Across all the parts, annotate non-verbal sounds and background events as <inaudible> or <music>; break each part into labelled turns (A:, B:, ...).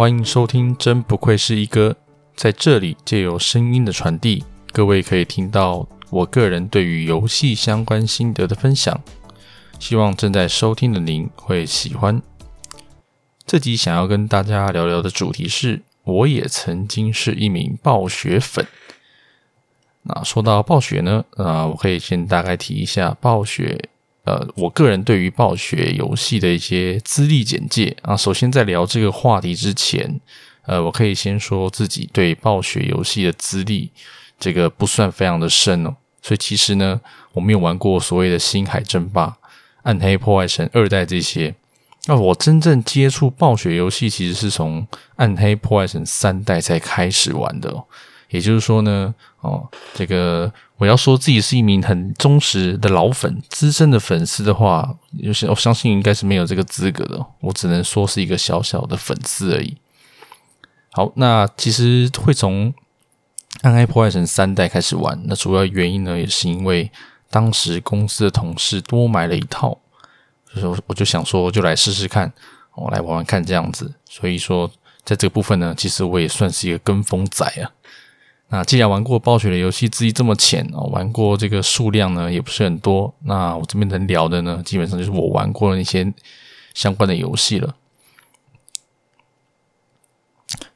A: 歡迎收聽，真不愧是一哥，在這裡借由聲音的傳遞，各位可以聽到我個人對於遊戲相關心得的分享，希望正在收聽的您會喜歡。這集想要跟大家聊聊的主題是，我也曾經是一名暴雪粉。那說到暴雪呢，啊，我可以先大概提一下暴雪。呃，我個人對於暴雪遊戲的一些資歷簡介啊，首先在聊這個話題之前，呃，我可以先說自己對暴雪遊戲的資歷，這個不算非常的深哦，所以其實呢，我沒有玩過所謂的《星海爭霸》《暗黑破壞神二代》這些，那、啊、我真正接觸暴雪遊戲，其實是從《暗黑破壞神三代》才開始玩的、哦。也就是說呢，哦，這個我要說自己是一名很忠實的老粉、資深的粉絲的話，就是我、哦、相信應該是沒有這個資格的。我只能說是一個小小的粉絲而已。好，那其實會從《暗黑破壞神三代》開始玩，那主要原因呢，也是因為當時公司的同事多買了一套，所以、就是、我就想說，就來試試看，我、哦、來玩玩看這樣子。所以說，在這個部分呢，其實我也算是一個跟風仔啊。那既然玩過暴雪的遊戲資歷這麼淺哦，玩過這個數量呢也不是很多，那我這邊能聊的呢，基本上就是我玩過的那些相關的遊戲了。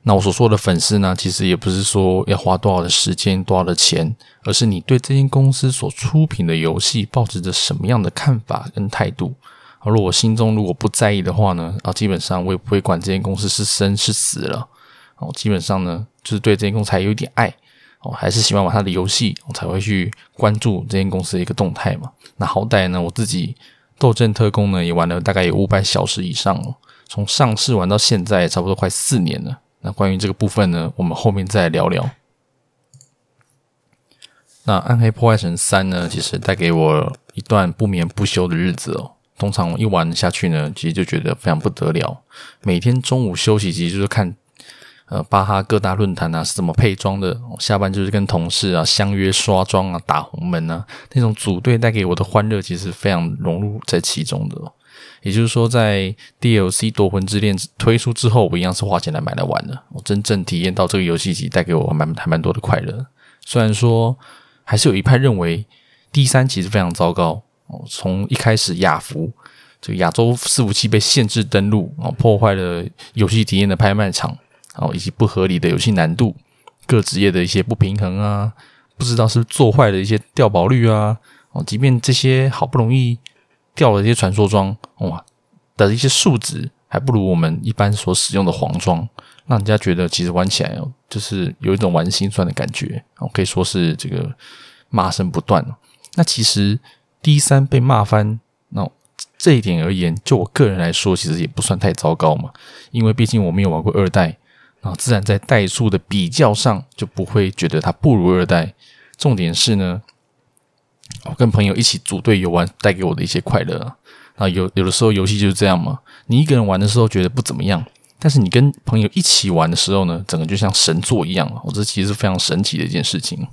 A: 那我所說的粉絲呢，其實也不是說要花多少的時間、多少的錢，而是你對這間公司所出品的遊戲抱持着什麼樣的看法跟態度。而如果心中如果不在意的話呢，啊，基本上我也不會管這間公司是生是死了。哦，基本上呢，就是對這間公司還有一點愛。我還是喜歡玩他的遊戲，我才會去關注這間公司的一個動態嘛。那好歹呢，我自己《鬥陣特攻》呢也玩了大概有五百小時以上哦。從上市玩到現在，差不多快四年了。那關於這個部分呢，我們後面再聊聊。那《暗黑破壞神三》呢，其實帶給我一段不眠不休的日子哦。通常一玩下去呢，其實就覺得非常不得了，每天中午休息，其實就是看。呃，巴哈各大論壇啊，是怎麼配裝的、哦？下班就是跟同事啊相約刷裝啊、打紅門啊，那種組隊帶給我的歡樂，其實非常融入在其中的、哦。也就是說，在 DLC 奪魂之鐮推出之後，我一樣是花錢來買來玩的。我、哦、真正體驗到這個遊戲機帶給我蠻還蠻多的快樂。雖然說還是有一派認為第三集是非常糟糕哦，從一開始亞服這個亞洲伺服器被限制登錄，哦，破壞了遊戲體驗的拍賣場。然後以及不合理的遊戲難度，各職業的一些不平衡啊，不知道是，是做壞了一些掉寶率啊。哦，即便這些好不容易掉了一些傳說裝，哇，的一些數值還不如我們一般所使用的黃裝，讓人家覺得其實玩起來就是有一種玩心酸的感覺。哦，可以說是這個罵聲不斷。那其實 D3 被罵翻，那這一點而言，就我個人來說，其實也不算太糟糕嘛，因為畢竟我沒有玩過二代。啊，自然在代數的比較上就不會覺得它不如二代。重點是呢，我跟朋友一起組隊遊玩帶給我的一些快樂啊。啊，有有的時候遊戲就是這樣嘛，你一個人玩的時候覺得不怎麼樣，但是你跟朋友一起玩的時候呢，整個就像神作一樣，啊。我覺得其實是非常神奇的一件事情。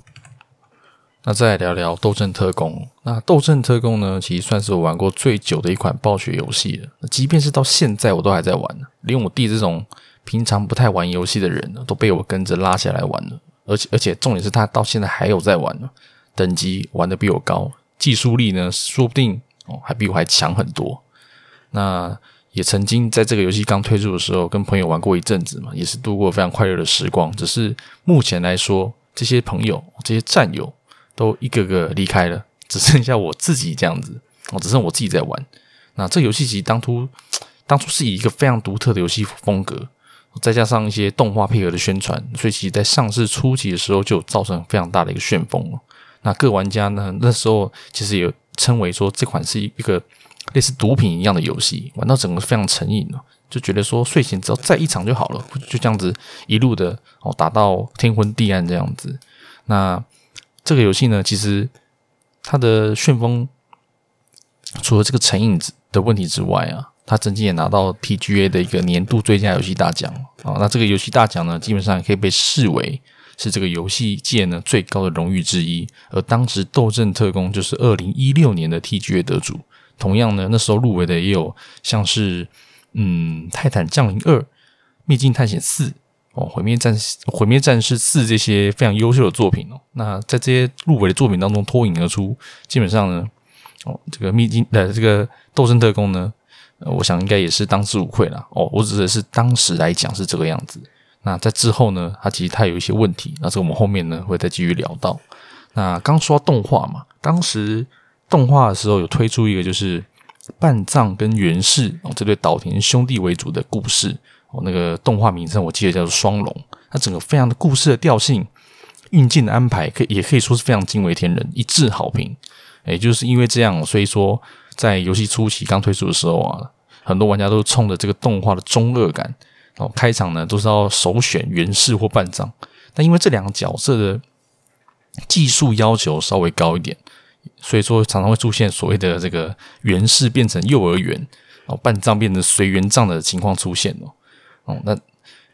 A: 那再來聊聊《鬥陣特攻》。那《鬥陣特攻》呢，其實算是我玩過最久的一款暴雪遊戲了。即便是到現在，我都還在玩。連我弟這種平常不太玩遊戲的人都被我跟着拉下來玩了。而且，而且重點是他到現在還有在玩，等級玩得比我高，技術力呢，說不定哦，還比我還強很多。那也曾經在這個遊戲剛推出的時候，跟朋友玩過一陣子嘛，也是度過非常快樂的時光。只是目前來說，這些朋友、這些戰友。都一個個離開了，只剩下我自己這樣子哦，只剩我自己在玩。那這遊戲其實當初當初是以一個非常獨特的遊戲風格，再加上一些動畫配合的宣傳，所以其實在上市初期的時候就造成非常大的一個旋風。那各玩家呢，那時候其實也稱為說，這款是一個類似毒品一樣的遊戲，玩到整個非常成癮了，就覺得說，睡前只要再一場就好了，就這樣子一路的哦打到天昏地暗這樣子。那這個遊戲呢，其實它的旋風除了這個成癮的問題之外啊，它曾經也拿到 TGA 的一個年度最佳遊戲大獎啊、哦。那這個遊戲大獎呢，基本上也可以被視為是這個遊戲界呢最高的榮譽之一。而當時《鬥陣特攻》就是二零一六年的 TGA 得主。同樣呢，那時候入圍的也有像是嗯《泰坦降臨二》《秘境探險四》。哦，戰《毀滅戰士》《毀滅戰士四》這些非常優秀的作品哦。那在這些入圍的作品當中脫穎而出，基本上呢，哦，這個秘境的，呃、這個鬥陣特攻呢，呃，我想應該也是當之無愧啦，哦，我指的是當時來講是這個樣子。那在之後呢，它其實它有一些問題，那是我們後面呢會再繼續聊到。那剛說動畫嘛，當時動畫的時候有推出一個就是半藏跟源氏哦這對島田兄弟為主的故事。哦，那個動畫名稱我記得叫做《雙龍》，它整個非常的故事的調性、運鏡的安排，可也可以說是非常驚為天人，一致好評。也就是因為這樣，所以說在遊戲初期剛推出的時候啊，很多玩家都衝着這個動畫的中二感，哦，開場呢都是要首選源氏或半藏，但因為這兩個角色的技術要求稍微高一點，所以說常常會出現所謂的這個源氏變成幼兒園，哦，半藏變成隨緣藏的情況出現哦。那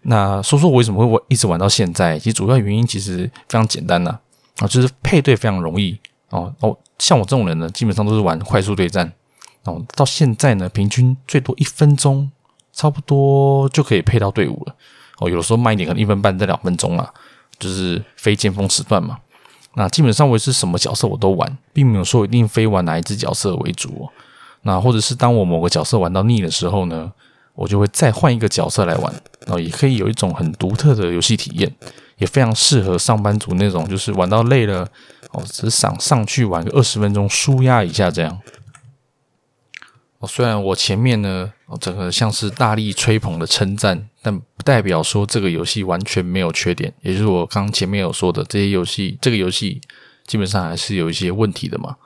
A: 那說說我為什麼會一直玩到現在？其實主要原因其實非常簡單吶，啊，就是配對非常容易哦哦。像我這種人呢，基本上都是玩快速對戰哦。到現在呢，平均最多一分鐘，差不多就可以配到隊伍了哦。有的時候慢一點，可能一分半到兩分鐘啊，就是非尖峰時段嘛。那基本上我是什麼角色我都玩，並沒有說我一定非玩哪一只角色為主。那或者是當我某個角色玩到膩的時候呢？我就會再換一個角色來玩，然後、哦、也可以有一種很獨特的遊戲體驗，也非常適合上班族那種，就是玩到累了，哦，只想上去玩個二十分鐘，舒壓一下這樣。哦，雖然我前面呢，哦，整個像是大力吹捧的稱讚，但不代表說這個遊戲完全沒有缺點。也就是我剛前面有說的，這些遊戲，這個遊戲基本上還是有一些問題的嘛。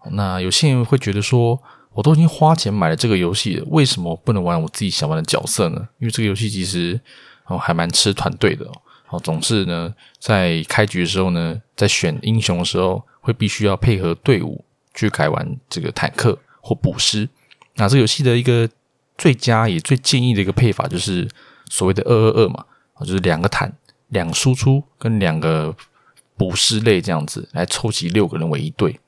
A: 哦、那有些人會覺得說，我都已經花錢買了這個遊戲了，為什麼我不能玩我自己想玩的角色呢？因為這個遊戲其實哦還蠻吃團隊的哦，哦，總是呢在開局的時候呢，在選英雄的時候會必須要配合隊伍去改玩這個坦克或補師。那這個遊戲的一個最佳也最建議的一個配法就是所謂的二二二嘛，哦，就是兩個坦，兩輸出跟兩個補師類這樣子來湊齊六個人為一隊。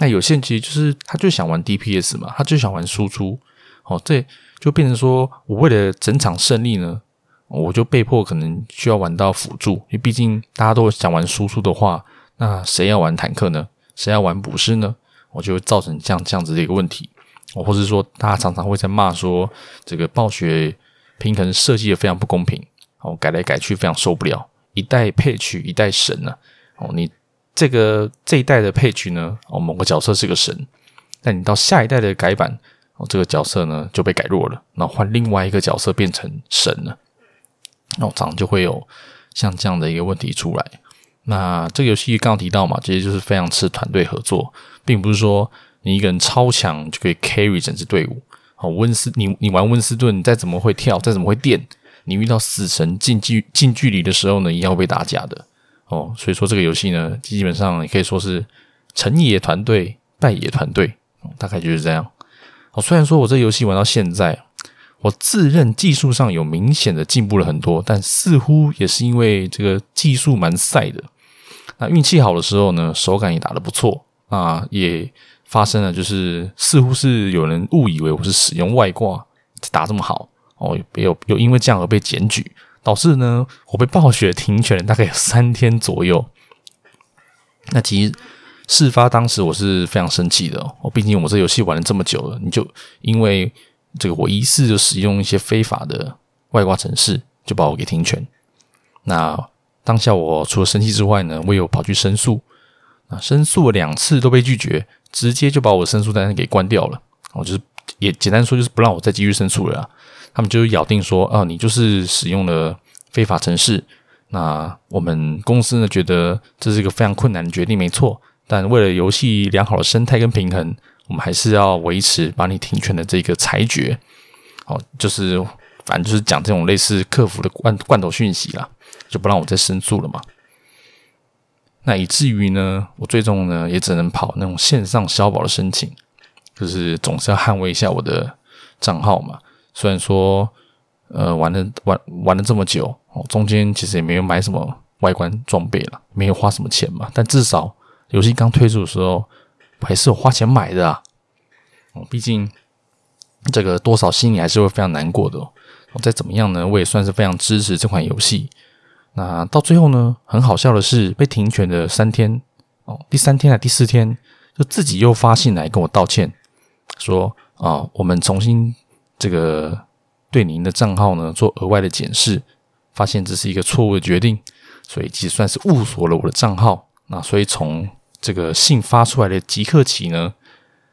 A: 那有限期，就是他就想玩 DPS 嘛，他就想玩輸出，哦,這就變成說我為了整場勝利呢，我就被迫可能需要玩到輔助，因為畢竟大家都會想玩輸出的話，那誰要玩坦克呢？誰要玩補師呢？我就會造成這樣這樣子的一個問題，或者說大家常常會在罵說這個暴雪平衡設計的非常不公平，哦，改來改去非常受不了，一代 patch，一代神啊，哦，你這個這一代的配 e 呢，哦，某個角色是個神，那你到下一代的改版，哦，這個角色呢就被改弱了，那換另外一個角色變成神了，哦，這樣就會有像這樣的一個問題出來。那這個遊戲剛,剛提到嘛，其實就是非常吃團隊合作，並不是說你一個人超強就可以 carry 整支隊伍。哦，溫斯，你你玩溫斯頓，你再怎麼會跳，再怎麼會墊，你遇到死神近距近距離的時候呢，一樣會被打假的。哦，所以說這個遊戲呢，基本上也可以說是成也團隊，敗也團隊，哦，大概就是這樣。哦，雖然說我這個遊戲玩到現在，我自認技術上有明顯的進步了很多，但似乎也是因為這個技術蠻賽的。那運氣好的時候呢，手感也打得不錯啊，那也發生了，就是似乎是有人誤以為我是使用外掛打這麼好，哦，又有，有因為這樣而被檢舉。導致呢，我被暴雪停權大概有三天左右。那其實事發當時我是非常生氣的哦，畢竟我這遊戲玩了這麼久了，你就因為這個我一次就使用一些非法的外掛程式，就把我給停權。那當下我除了生氣之外呢，我也有跑去申訴。啊，申訴了兩次都被拒絕，直接就把我的申訴單給關掉了。我就是也簡單說，就是不讓我再繼續申訴了啦。他們就咬定說：“啊，你就是使用了非法程式。”那我們公司呢，覺得這是一個非常困難的決定，沒錯。但為了遊戲良好的生態跟平衡，我們還是要維持把你停權的這個裁決。哦，就是，反正就是講這種類似客服的罐罐頭訊息啦，就不讓我再申訴了嘛。那以至於呢，我最終呢也只能跑那種線上消保的申請，就是總是要捍衛一下我的賬號嘛。雖然說，呃，玩了玩玩了這麼久，哦，中間其實也沒有買什麼外觀裝備了，沒有花什麼錢嘛。但至少遊戲剛推出的時候，還是有花錢買的啊。哦，畢竟這個多少心裡還是會非常難過的，哦，再怎麼樣呢，我也算是非常支持這款遊戲。那到最後呢，很好笑的是，被停權的三天，哦，第三天還第四天，就自己又發信來跟我道歉，說啊，哦，我們重新。這個對您的賬號呢做額外的檢視，發現這是一個錯誤的決定，所以其實算是誤鎖了我的賬號。那所以從這個信發出來的即刻起呢，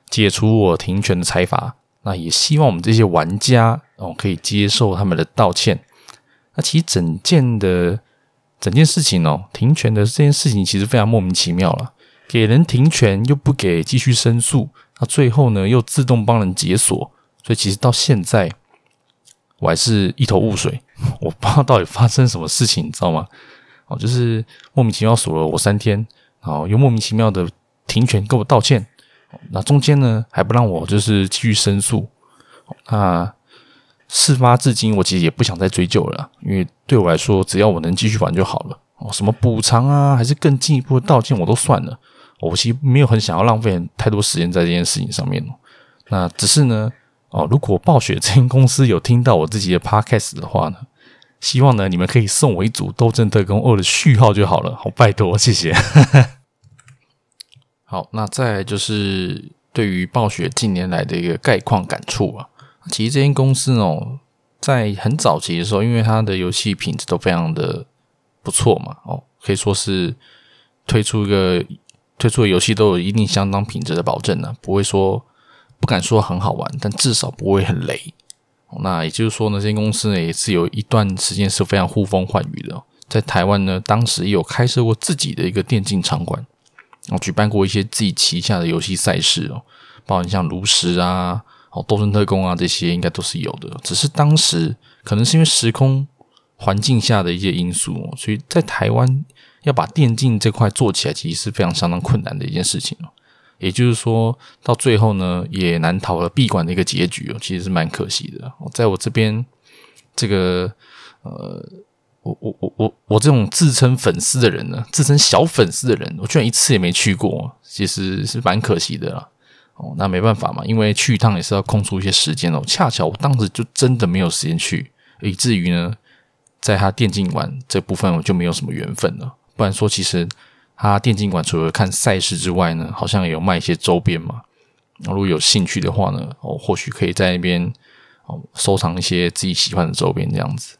A: 解除我停權的裁罰，那也希望我們這些玩家，哦，可以接受他們的道歉。那其實整件的整件事情哦，停權的這件事情其實非常莫名其妙啦，給人停權又不給繼續申訴，那最後呢又自動幫人解鎖。所以其實到現在，我還是一頭霧水，我不知道到底發生什麼事情，你知道嗎？哦，就是莫名其妙鎖了我三天，然後又莫名其妙的停權跟我道歉，那中間呢，還不讓我就是繼續申訴。那事發至今，我其實也不想再追究了啦，因為對我來說，只要我能繼續玩就好了。哦，什麼補償啊，還是更進一步的道歉，我都算了。我其實沒有很想要浪費太多時間在這件事情上面。那只是呢。哦，如果暴雪這間公司有聽到我自己的 podcast 的話呢，希望呢你們可以送我一組《鬥陣特攻二》的序號就好了，好拜託，謝謝。 <laughs> 好，那再來就是對於暴雪近年來的一個概況感觸啊，其實這間公司哦，在很早期的時候，因為它的遊戲品質都非常的不錯嘛，哦，可以說是推出一個推出的遊戲都有一定相當品質的保證的、啊，不會說。不敢說很好玩，但至少不會很雷。那也就是說呢，這間公司呢也是有一段時間是非常呼風喚雨的、哦。在台灣呢，當時也有開設過自己的一個電競場館，哦，舉辦過一些自己旗下的遊戲賽事哦，包括像爐石啊、哦，鬥陣特攻啊這些應該都是有的。只是當時可能是因為時空環境下的一些因素、哦，所以在台灣要把電競這塊做起來，其實是非常相當困難的一件事情、哦。也就是說，到最後呢，也難逃了閉館的一個結局哦，其實是蠻可惜的。在我這邊，這個呃，我我我我我這種自稱粉絲的人呢、啊，自稱小粉絲的人，我居然一次也沒去過，其實是蠻可惜的啦。哦，那沒辦法嘛，因為去一趟也是要空出一些時間哦。恰巧我當時就真的沒有時間去，以至於呢，在他電競館這部分我就沒有什麼緣分了。不然說，其實。他電競館除了看賽事之外呢，好像也有賣一些周邊嘛。如果有興趣的話呢，哦，或許可以在那邊哦收藏一些自己喜歡的周邊這樣子。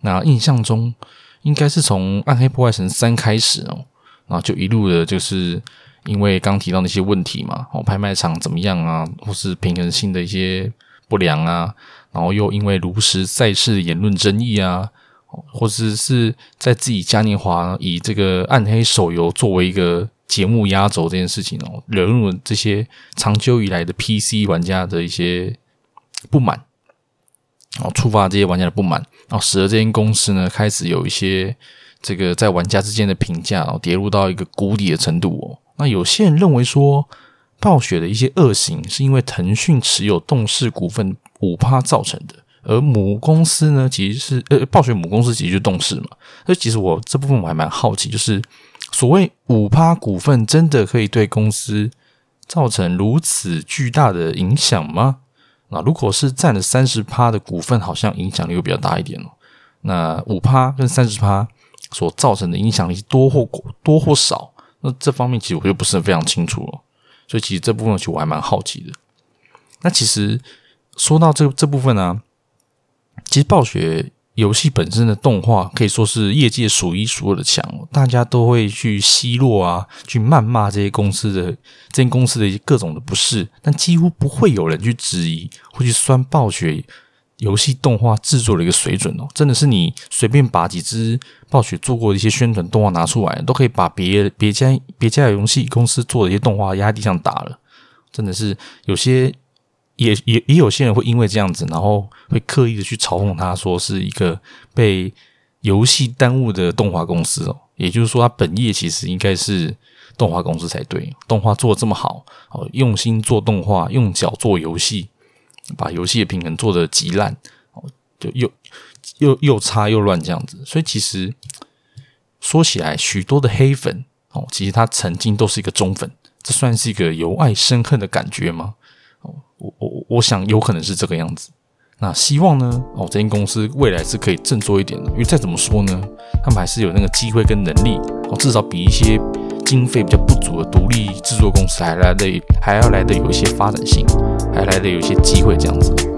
A: 那印象中應該是從《暗黑破壞神三》開始哦，然後就一路的就是因為剛提到那些問題嘛，哦，拍賣場怎麼樣啊，或是平衡性的一些不良啊，然後又因為爐石賽事的言論爭議啊。或者是，是在自己嘉年華以這個暗黑手遊作為一個節目壓軸這件事情哦，惹怒了這些長久以來的 PC 玩家的一些不滿，哦，觸發這些玩家的不滿，然後使得這間公司呢開始有一些這個在玩家之間的評價，哦，然後跌入到一個谷底的程度哦。那有些人認為說，暴雪的一些惡行是因為騰訊持有動視股份五趴造成的。而母公司呢，其實是呃，暴雪母公司其實就動視嘛。所以其實我這部分我還蠻好奇，就是所謂五趴股份真的可以對公司造成如此巨大的影響嗎？那、啊、如果是佔了三十趴的股份，好像影響力又比較大一點哦。那五趴跟三十趴所造成的影響力多或多或少？那這方面其實我就不是非常清楚哦，所以其實這部分其實我還蠻好奇的。那其實說到這這部分呢、啊。其實暴雪遊戲本身的動畫可以說是業界數一數二的強，大家都會去奚落啊，去謾罵這些公司的這些公司的一些各種的不是，但幾乎不會有人去質疑會去酸暴雪遊戲動畫制作的一個水準哦。真的是你隨便把幾支暴雪做過的一些宣傳動畫拿出來，都可以把別別家別家的遊戲公司做的一些動畫壓地上打了。真的是有些。也也也，也也有些人會因為這樣子，然後會刻意的去嘲諷他，說是一個被遊戲耽誤的動畫公司哦。也就是說，他本業其實應該是動畫公司才對，動畫做的這麼好哦，用心做動畫，用腳做遊戲，把遊戲的平衡做的極爛哦，就又又又差又亂這樣子。所以其實說起來，許多的黑粉哦，其實他曾經都是一個忠粉，這算是一個由愛生恨的感覺嗎？我我我想有可能是這個樣子，那希望呢？哦，這間公司未來是可以振作一點的，因為再怎麼說呢，他們還是有那個機會跟能力，哦，至少比一些經費比較不足的獨立製作公司還來得還要來得有一些發展性，還來得有一些機會這樣子。